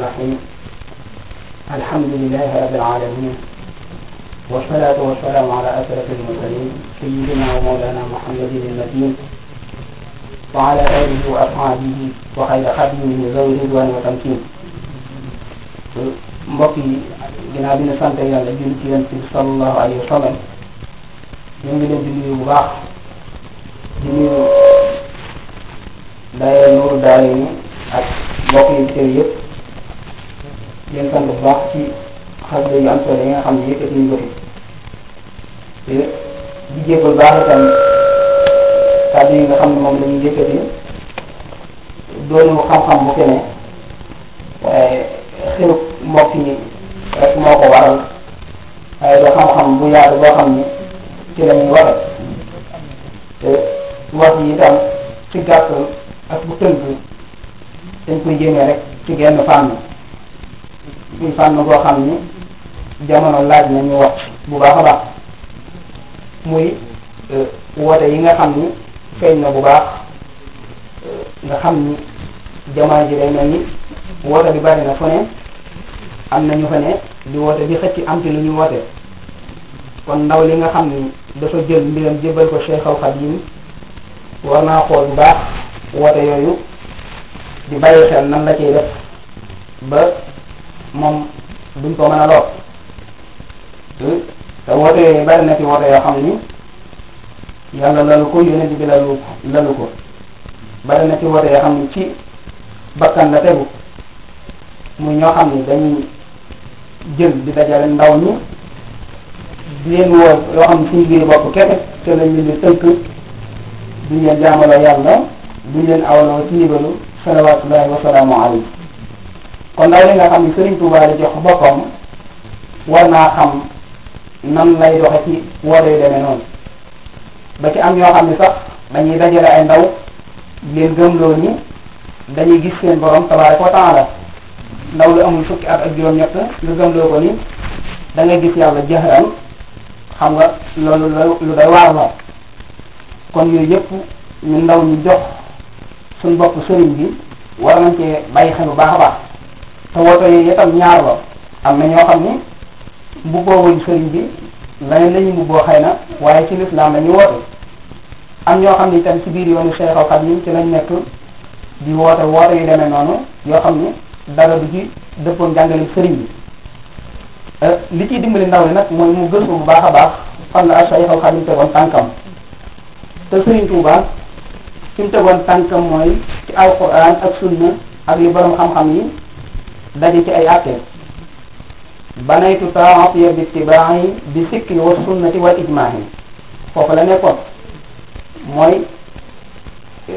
الرحيم الحمد لله رب العالمين والصلاة والسلام على أشرف المرسلين سيدنا ومولانا محمد المدين وعلى آله وأصحابه وخير من ذوي الرضوان وتمكين مبقي جنابنا سانتا يا لجنتين صلى الله عليه وسلم يملي الدنيا وباخ دنيا لا ينور داري ak mbokk leen sant bu baax ci xasida yu am solo yi nga xam ne yëkkati nañ ko fi te di jébbal baax itam kàddu yi nga xam ne moom la ñuy yëkkati doonu xam-xam bu keneen waaye xelu mbokk yi rek moo ko waral waaye ba xam-xam bu yaatu boo xam ne ci la ñuy waral te wax yi itam ci gàttal ak bu tënk dañ koy jëmee rek ci genn fànn. muy fànn boo xam ni jamono laaj na ñu wax bu baax a baax muy euh, woote yi nga xam ni feeñ na bu baax euh, nga xam ni jamono ji day mel ni woote bi bari na fu am na ñu fa ne di woote di xëcc am ci lu ñu woote kon ndaw li nga xam ni dafa jël mbiram jébbal ko yi Khadim war naa xool bu baax woote yooyu di bàyyi xel nan la ciy def ba moom duñ ko mën a lor hmm? te woote yooyu bari na ci woote yoo xam ni yàlla lalu ko yonent bi lalu lalu ko bari na ci woote yoo xam ni ci bakkan la tegu muy ñoo xam ni dañuy jël di dajale ndaw ñi di leen woo loo xam ne suñu biir di tënk duñ leen jaamaloo yàlla duñ leen awloo ci ndigalu salawaatullahi wa salaamu alayhi kon daal li nga xam ne Sëriñ Tuubaa la jox boppam war naa xam nan lay doxe ci woote yu noonu ba ci am ñoo xam ne sax dañuy dajale ay ndaw leen gëmloo ñi dañuy gis seen borom tabaaraka wa taala ndaw lu amul fukki at ak juróom-ñett nga gëmloo ko ni da gis yàlla jëxëran xam nga loolu lu day waar la kon yooyu yëpp ñu ndaw ñu jox suñ bopp sëriñ bi war nañ bàyyi xel bu baax baax te woto yi itam ñaar la am na ñoo xam ni mbubboo wuñ sëriñ bi lañ lañu mbubboo xëy na waaye ci lislaam la ñu woote am ñoo xam ni itam ci biir yoonu Seexul Xadiim ci lañ nekk di woote woote yu demee noonu yoo xam ni dara du ci dëppoon jàngale sëriñ bi euh, li ciy dimbali ndaw li nag mooy mu gëstu bu baax a baax fan la Seexul Xadiim tegoon tànkam te sëriñ Tuubaa fi mu tegoon tànkam mooy ci alquran ak sunna ak li borom xam-xam yi daje ci ay àtteel banaytu taatiya bi itibaahi bi sikki wa sunnati wal ijmaahi foofu la nekkoon mooy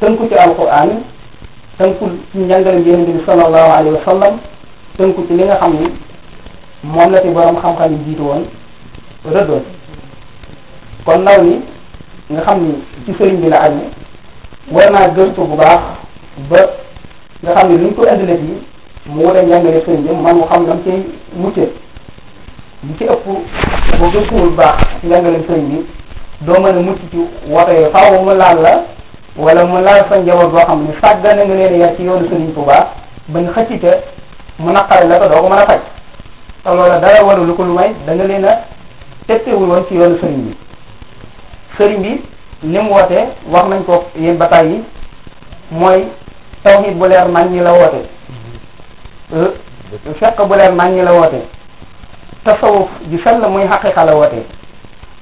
tënku ci alquran tënku ci njàngale yonente bi sallallahu alayhi wa tënku ci li nga xam ni moom la ci borom xam-xam yi jiitu woon rëddoon kon ndaw ni nga xam ni ci sëriñ bi la amee war naa gëstu bu baax ba nga xam ni luñ ko indilee yi mu war a jàngale sëñ bi man mu xam lam cay muccee li ci ëpp boo gëstuwul baax njàngaleem sëñ bi doo mën a mucc ci woote yi faaw mu laal la wala mu laal sa njaboot boo xam ne sàgga na nga leen yar ci yoonu sëriñ Tuubaa ba ñu xëcc te mu naqare la ko doo ko mën a faj te loola dara waru lu ko lu may da leen a tettewul ci yoonu sëriñ bi sëriñ bi li mu woote wax nañ ko yéen bataay yi mooy tawhid bu leer nañ ñi la woote Euh, fekk bu leen màññi la woote tasawuf ji sell muy xaqiqa la woote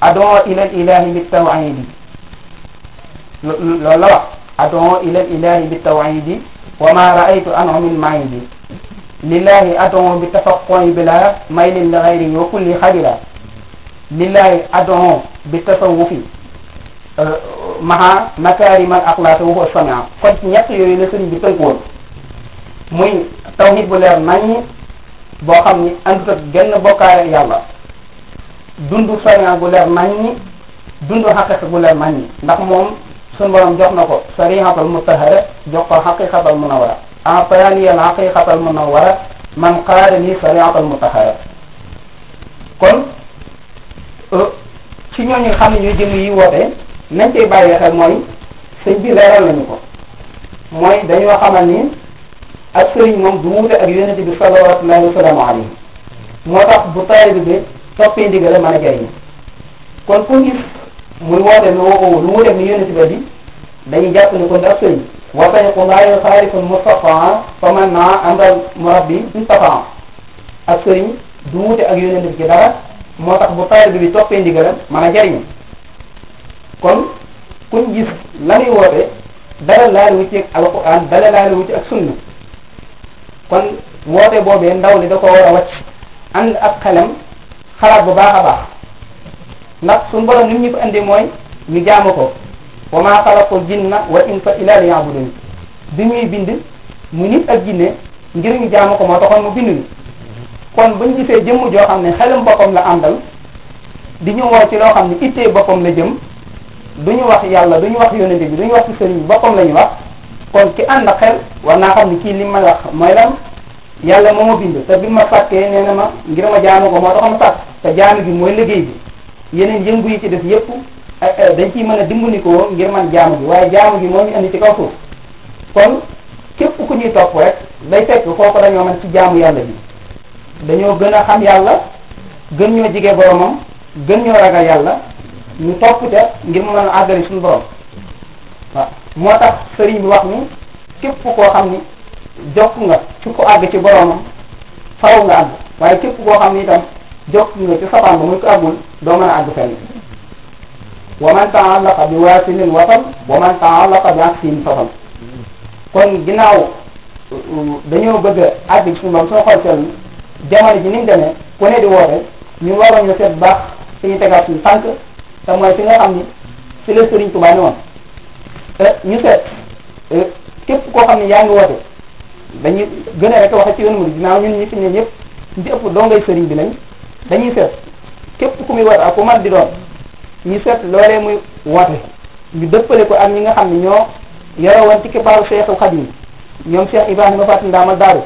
adon ilal ilahi bi tawhidi loolu la wax adon ilal ilahi bi tawhidi wa ma raaytu an min maidi lillahi adon bi tafaqqoy bila maylin li xayri wa kulli xabila lillahi adon bi tasawufi euh, maha makaarimal axlaaq wa samia kon ñett yooyu la sëriñ bi tënk woon muy tawhid bu leer naññ boo xam ni àndut ak genn bokkaale yàlla dundu sariya bu leer naññ dundu xaqiqa bu leer naññ ndax moom suñu borom jox na ko sarihatal mutahara jox ko xaqiqatal munawara aataani al xaqiqatal munawara man qaarani sarihatal mutahara kon euh, ci ñooñu xam ne ñuy jëm yi woote nañ koy bàyyi xel mooy sëñ bi leeral nañu ko mooy dañoo xamal ni ak sëriñ moom du wuute ak yonent bi salawatullahi wa salaamu alayhi moo tax bu taalib bi toppee ndigal la a jariñu kon ku gis muy woote lu woo lu wuuteeg man bi ci dara moo tax bu taalib a jariñu kon kuñ gis la muy woote laal wu ak alquran kon woote boobee ndaw li da ko war a wàcc ànd ak xelam xalaat bu baax a baax ndax su borom ni mu ñu ko indi mooy ñu jaamu ko wa maa xalaqul jinna wal insa illaa liya'budun bi ñuy bind mu nit ak jinne ngir ñu jaamu ko moo taxoon mu bind ñu kon buñ gisee jëmm joo xam ne xelam boppam la àndal di ñu woo ci loo xam ne ittee boppam la jëm duñu wax yàlla duñu wax yonente bi duñu wax ci sëriñ boppam la wax kon ki ànd ak xel war naa xam ne kii li ma wax mooy la yàlla moo bind te bi ma fàkkee nee na ma ngir ma jaamu ko moo tax ma fàkk te jaamu bi mooy liggéey bi yeneen yëngu yi ci def yëpp dañ ciy mën a dimbandikoo ngir man jaamu bi waaye jaamu bi moo ñu andi ci kaw suuf kon képp ku ñuy topp rek day fekk kooku dañoo mën ci jaamu yàlla bi dañoo gën a xam yàlla gën ñoo jige boromam gën ñoo ragal yàlla ñu topp te ngir mu mën a àggale suñu borom moo tax sëriñ bi wax ni képp koo xam ni jokk nga ci ko àgg ci boroomam faraw nga àgg waaye képp koo xam ni itam jokk nga ci safaan ba muy ko àggul doo mën a àgg fenn wa man taallaqa bi waasilin wasal wa man taallaqa bi aksin safal kon ginnaaw dañoo bëgg a àgg ci suñu borom soo xool seen jamono ji ni mu demee ku ne di woote ñu waroon ñu seet baax suñu tegaat suñu tànk te mooy fi nga xam ni fi la sëriñ Tuubaa ne woon te ñu seet eh, képp koo xam ne yaa ngi woote dañu gën a rek waxe ci yoonu murid ginnaaw ñun ñi fi ne ñëpp ñu ci ëpp dongay sëriñ bi lañ dañuy seet képp ku muy woote ak ku man di doon ñu seet loolee muy woote ñu dëppale ko ak ñi nga xam ne ñoo yore woon ci kibaaru Seexul Xadim ñoom Cheikh Ibrahima Fatou Ndaamal Daaru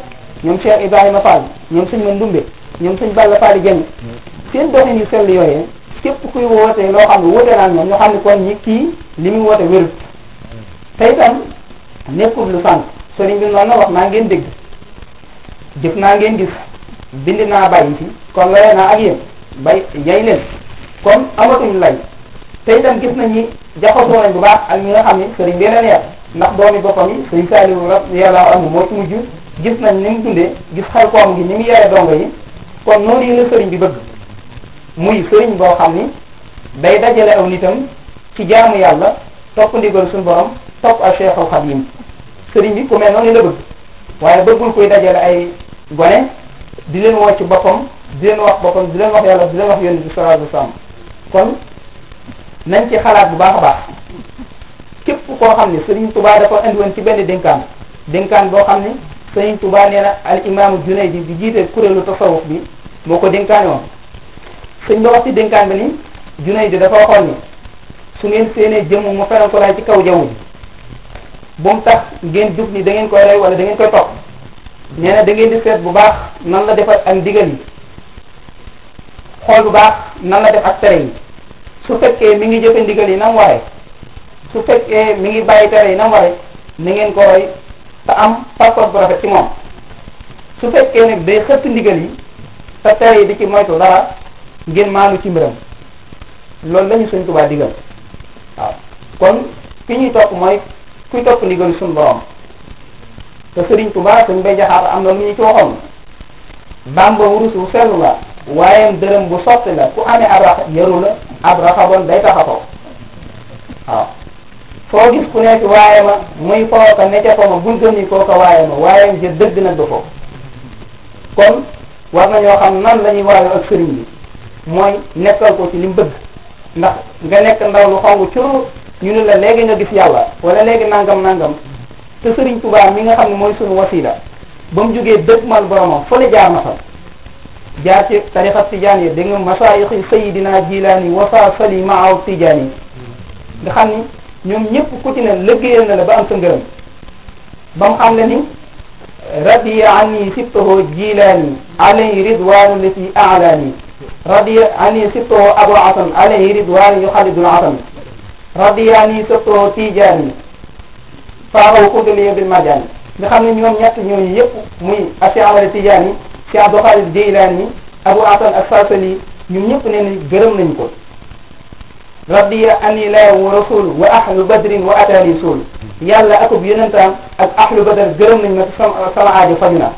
ñoom Cheikh Ibrahima Fall ñoom sëñ Man Ndumbe ñoom sëñ Balla Faali Jeng seen doxin yu sell yooyee képp kuy wootee loo xam ne wóotee naan ñoom ñoo xam te itam nekkul lu sant sëriñ bi noonu wax naa ngeen dégg jëf naa ngeen gis bind naa bàyyi fi kon layee naa ak yéen bay yay leen kon amatuñ lay te gis nañ ni jaxasoo nañ bu baax ak ñi nga xam ne sëriñ bi yar ndax doomi boppam yi sëriñ Saliou radiyallahu anhu moo ci mujj gis nañ ni mu dundee gis xel koom gi ni mu yare dongo yi kon noonu yi la sëriñ bi bëgg muy sëriñ boo xam ni day dajale aw nitam ci jaamu yàlla topp ndigal suñu borom topp ak Cheikhul Khadim sëriñ bi ku mel noonu la bëgg waaye bëggul koy dajale ay gone di woo ci boppam di leen wax boppam di leen wax yàlla di wax yoon bi sallallahu alayhi wasallam kon nañ ci xalaat bu baax a baax képp koo xam ne sëriñ Tuubaa dafa indi woon ci benn dénkaan dénkaan boo xam ne sëriñ Tuubaa nee na al imaamu Junaydi bi jiite kuréelu tasawuf bi moo ko dénkaane woon sëñ ba wax ci dénkaan bi ni Junaydi dafa waxoon ni su ngeen séenee jë mu feral ko laay ci kaw jaww ji bu mu tax ngeen jug ni da ngeen koy rey wala da ngeen koy topp nee na ngeen di seet bu baax nan la defar ak ndigal yi xool bu baax nan la def ak tere yi su fekkee mi ngi jëfe ndigal yi nam waree su fekkee mi ngi bàyyi tere yi nam waree ni ngeen ko roy am passeport bu rafet ci moom su fekkee nag day xëtt ndigal yi te tere yi di ci moytu dara ngeen maanu ci mbiram loolu lañu suñ tubaa digal waaw kon ki ñuy topp mooy kuy topp ndigal suñu borom te sëriñ Tuubaa suñ bay jaxaata am na lu ñu ci wurus wu sell la waaye dërëm bu sotti la ku amee ab rax yaru la ab raxaboon day taxatoo waaw foo gis ku nekk waaye ma muy foofa ne ca foofa bul gëm yi kooka waaye ma waaye ja dëgg nag du foofu kon war nañoo xam nan la ñuy waayoo ak sëriñ bi mooy nekkal ko ci li mu bëgg ndax nga nekk ndaw lu curu ñu ne la léegi nga gis yàlla wala léegi nàngam nangam te Serigne Touba mi nga xam ne mooy suñu wasila ba mu jógee dëkkmal boromam fële jaar na fa jaar ci tarixa tijaan yi dégg nga masaayixi sayidina jilaani wasaasali maaw tijaan yi nga xam ni ñoom ñëpp ku ci ne lëggéeyal na la ba am sa ngërëm ba mu xam ne ni radiya anni sibtaho jilaani alayhi ridwaanu lati aalaani radiya anni sibtaho abu asan alayhi ridwaanu yuxalidul asan radiyani sëppoo tijaani faaraw kuddali bil madani nga xam ne ñoom ñett ñooñu yëpp muy Cheikh a Tijaani Cheikh Abdou Khadir Jeylaani Abu Hasan ak Sarsali ñun ñëpp nee nañ gërëm nañ ko radiya ani laa wa rasul wa ahlu badrin wa atani suul yàlla akub yonentam ak ahlu badar gërëm nañ ma sama sama aajo faju na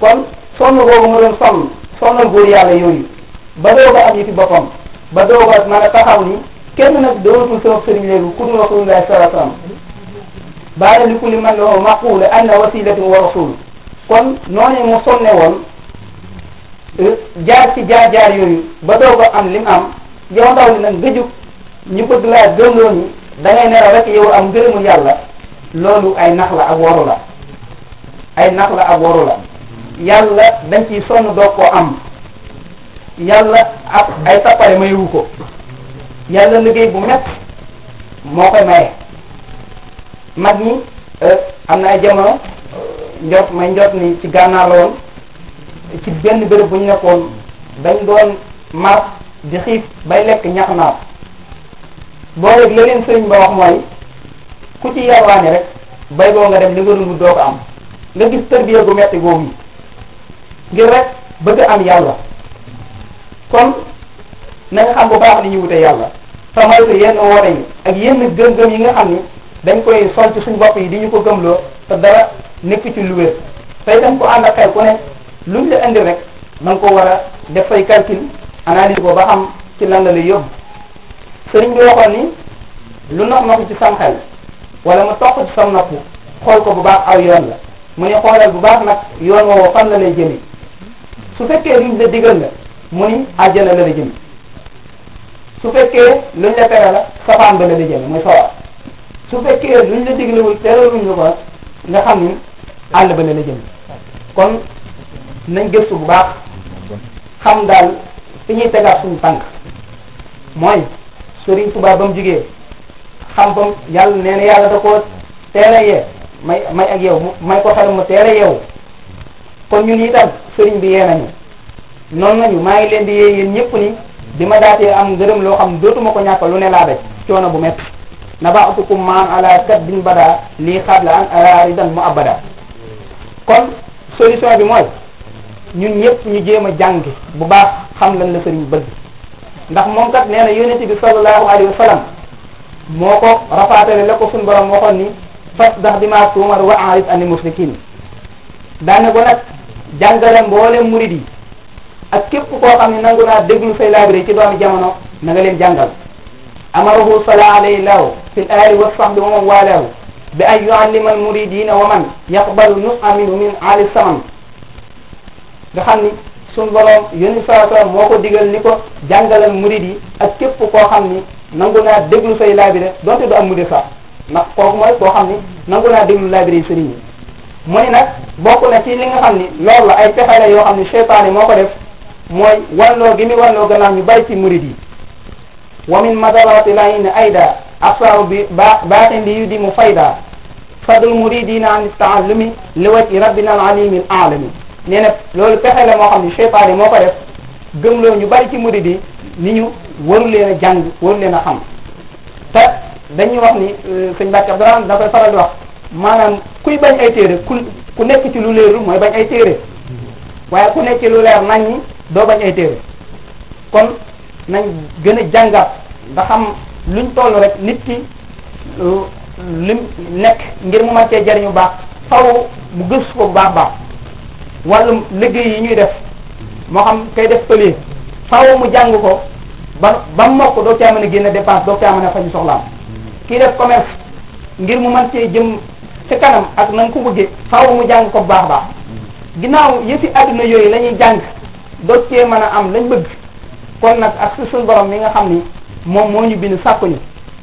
kon sonn boobu nga doon sonn sonnal góor yàlla yooyu ba dooga am yi fi boppam ba dooga a taxaw ni kenn nag dootul soog sëriñ léegi ku dul rasulullahi sallallahu alayhi wa sallam baada li kulli man lahu maqulu anna wasilatun wa rasul kon noonee mu sonne woon euh, jaar ci jaar jaar yooyu ba doog am lim am yow ndaw li nag nga jóg ñu bëgg laa gëmloo ni da ngay nelaw rek yow am ngërëmu yàlla loolu ay nax la ak waru la ay nax la ak waru la yàlla dañ ciy sonn doog koo am yàlla ak ay sappare mayu ko yàlla liggéey bu métti moo koy maye mag ñi euh, am na ay jamono euh, njot may njot ni ci gànnaar la ci benn béréb bu ñu nekkoon dañ doon mar di xiif bay lekk ñax naat boo yëg leneen sëriñ ba wax mooy ku ci yarwaani rek bay boo nga dem li nga doo ko am nga gis tërbiya gu metti googu ngir rek bëgg am yàlla kon na nga xam bu baax li ñu wute yàlla te moytu yenn woote yi ak yenn gëm-gëm yi nga xam ni dañ koy sol ci suñ bopp yi di ñu ko gëmloo te dara nekk ci lu wér tey tam ko ànd ak xel ku ne luñ la indi rek na nga ko war a def fay calcul analyse ko ba xam ci lan la lay yóbbu sëriñ bi waxoon ni lu nopp nopp ci sam xel wala mu toq ci na nopp xool ko bu baax aw yoon la mu ne xoolal bu baax nag yoon woowu fan la lay jëmi su fekkee luñ la digal la mu ni la la jëmi su fekkee luñ la tere la safaan ba la di jëme sawar su fekkee luñ la diglewul tereluñ la ko nga xam ni àll ba la la jëme kon nañ gëstu bu baax xam daal fi ñuy tegaat suñu tànk mooy Sëriñ Tuubaa ba mu jigéen xam ba mu yàlla nee yàlla da koo teere yee may may ak yow may ko xel mu teere yow kon ñun itam sëriñ bi yee nañu noonu nañu maa ngi leen di yee yéen ñëpp ni bi ma daatee am ngërëm loo xam dootuma ko ñàkk lu ne laa daj coono bu métti nabaatukum maan ala kat biñ badaa lii xaabla an araridan mu abada kon solution bi mooy ñun ñëpp ñu jéem a jàng bu baax xam lañ la sëriñ bëgg ndax moom kat nee na bi sallallahu alayhi wa moo ko rafaatale la ko suñ borom waxoon ni fasdax bi maa tuumar wa aarid ani mushrikin daane ko nag jàngale mboolem murid yi ak képp koo xam ne nangu naa déglu say laabire ci doomi jamono na leen jàngal amarahu sala alayhi lahu fi l aali wa sahbi wa man waalahu bi an yuallima al muridina wa man yaqbalu nusa minhu min ali saman nga xam ni suñ borom yónni saa saa moo ko digal ni ko jàngalal murid yi ak képp koo xam ni nangu naa déglu say laabire donte du am murid sax ndax kooku mooy koo xam ni nangu naa déglu laabire yi sëriñ yi mu nag bokk na ci li nga xam ni loolu yoo xam ni seytaane moo ko def mooy walloo gi mi walloo gannaaw ñu bari ci murid yi wa min madaraati layin ayda asaaru bi baatin li yudi mu fayda fadul muridina an istaallumi li wajhi rabbina al alimil alami nee na loolu pexe la moo xam ne seytaane moo ko def gëmloo ñu bari ci murid yi ni ñu waru leen a jàng waru leen a xam te dañuy wax ni euh, sëñ Mbàkke Abdourahmane da koy di wax maanaam kuy bañ ay téere ku ku nekk ci lu leerul mooy bañ ay téere mm-hmm. waaye ku nekk ci lu leer nañ doo bañ ay téere kon nañ gën a jàngat ba xam luñ toll rek nit ki lim nekk ngir mu mën jariñ bu baax faw mu gës ko bu baax baax wàllum liggéey yi ñuy def moo xam kay def pëlier faw mu jàng ko ba ba mokk doo caa mën a génne dépense doo caa mën a fañu soxlaam kii def commerce ngir mu mën cee jëm ci kanam ak na nga bëggee faw mu jàng ko bu baax baax ginnaaw yëfi àdduna yooyu la jàng doog cee mën a am lañ bëgg kon nag ak si suñ borom mi nga xam ni moom moo ñu bind sàkkuñu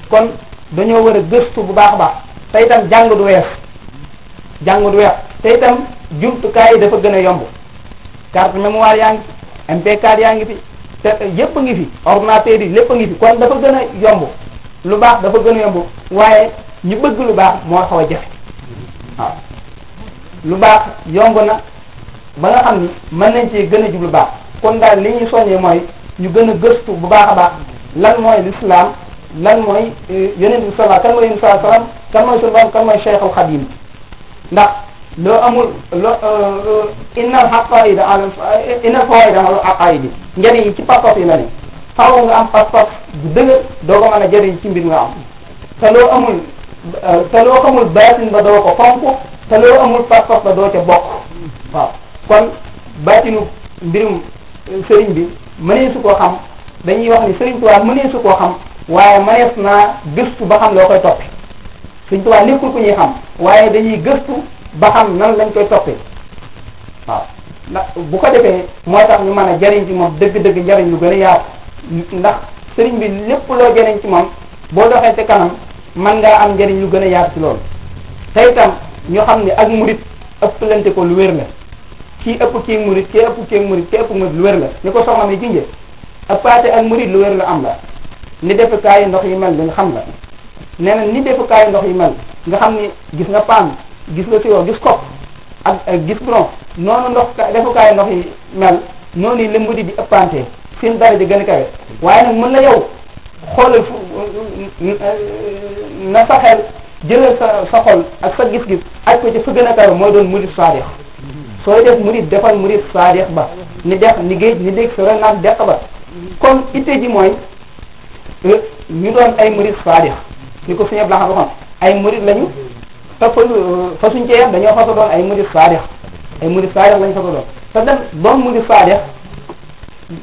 kon dañoo war a gëstu bu baax a baax te itam jàng du weef jàng du weef te itam jumtukaay dafa gën a yomb carte mémoire yaa ngi MP4 yaa ngi fi te yépp a ngi fi ordinateur yi lépp a ngi fi kon dafa gën a yomb lu baax dafa gën a yomb waaye ñu bëgg lu baax moo xaw a jafe lu baax yomb na ba nga xam ni mën nañ cee gën a jublu baax kon daal li ñuy soññee mooy ñu gën a gëstu bu baax a baax lan mooy lislaam lan mooy euh, yonent bi salaa kan mooy yonent bi salaam kan mooy suñu kan mooy Cheikhul Xadim ndax loo amul loo inna xaqaayida yi innal fawaayida ala xaqaayidi njëriñ yi ci pas-pas yi la ne faaw nga am pas-pas bu dëgër doo ko mën a jëriñ ci mbir nga am te loo amul euh, te loo amul baatin ba doo ko fonk te loo amul pas-pas ba doo ca bokk waaw kon baatinu mbirum euh, sëriñ bi mënee su koo xam dañuy wax ni sëriñ Tuubaa mënee su koo xam waaye mayees naa gëstu ba xam loo koy toppi sëriñ Tuubaa nekkul ku ñuy xam waaye dañuy gëstu ba xam nan lañ koy toppee waaw ndax bu ko defee moo tax ñu mën a jariñ ci moom dëgg-dëgg njariñ lu gën a yaatu ndax sëriñ bi lépp loo jariñ ci moom boo doxee ci kanam mën ngaa am njariñ lu gën a yaatu ci loolu te itam ñu xam ne ak murit ëppalante ko lu wér la kii ëpp kii murit kii ëpp kii murit kii ëpp murit lu wér la ni ko soxna mi junje ak paate ak murit lu wér la am la ni defukaayu ndox yi mel nga xam la nee ni defukaayu ndox yi mel nga xam ni gis nga paan gis nga tuyoo gis kopp ak gis bron noonu ndox defukaayu ndox yi mel noonu yi lëmbadi di ëppante seen dara di gën a kawe waaye nag mën na yow xoolal na sa xel jëlal sa sa xol ak sa gis-gis aj ko ci fa gën a kawe mooy doon murit saadix sooy def murid defal murid saadiq ba ni dex ni géej ni dégg sore naan deq ba kon itte ji mooy euh, ñu doon ay murid saadiq ni ko suñu blaxa waxoon ay murid lañu te fa euh, fa suñ cee yam dañoo fa ko doon ay murid saadiq ay murid saadiq lañu fa doon te def doon murid saadiq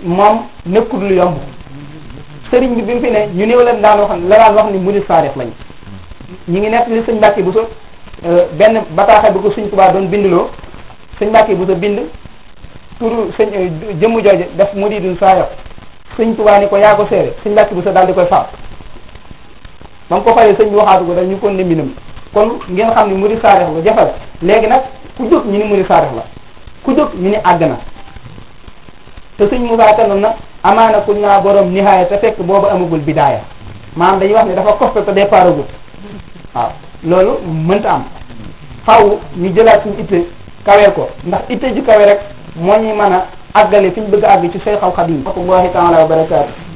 moom nekkul lu yomb sëriñ bi bi mu fi ne ñu néew leen daan wax la daan wax ni murid saadiq lañu ñu ngi nekk li sëñ Mbàkke bu so euh, benn bataaxal bu ko suñ Tuubaa doon bindiloo sëñ Mbàkke bu sa bind turu sëñ eh, jëmm jooje def mu di dun saayo sëñ Tuubaa ni ko yaa ko seere sëñ Mbàkke bu sa dal di koy fab ba nga ko faree sëñ bi waxaatu ko daf ñu kon ne mbindam kon ngeen xam ne murid saarex la jafe la léegi nag ku jóg ñu ni murid saarex la ku jóg ñu ni àgg na te sëñ Moussa Kane na amaana kuñ naa borom nihaaya te fekk boobu amagul bidaaya maanaam dañuy wax ne dafa coppe te départ agul waaw loolu mënta am faaw ñu jëlaat suñu itte kaweel ko ndax itte ju kawe rek moo ñuy mën a àggale fi ñu bëgg a àgg ci Seex al Xadim. wa rahmatullahi taala wa barakaatu.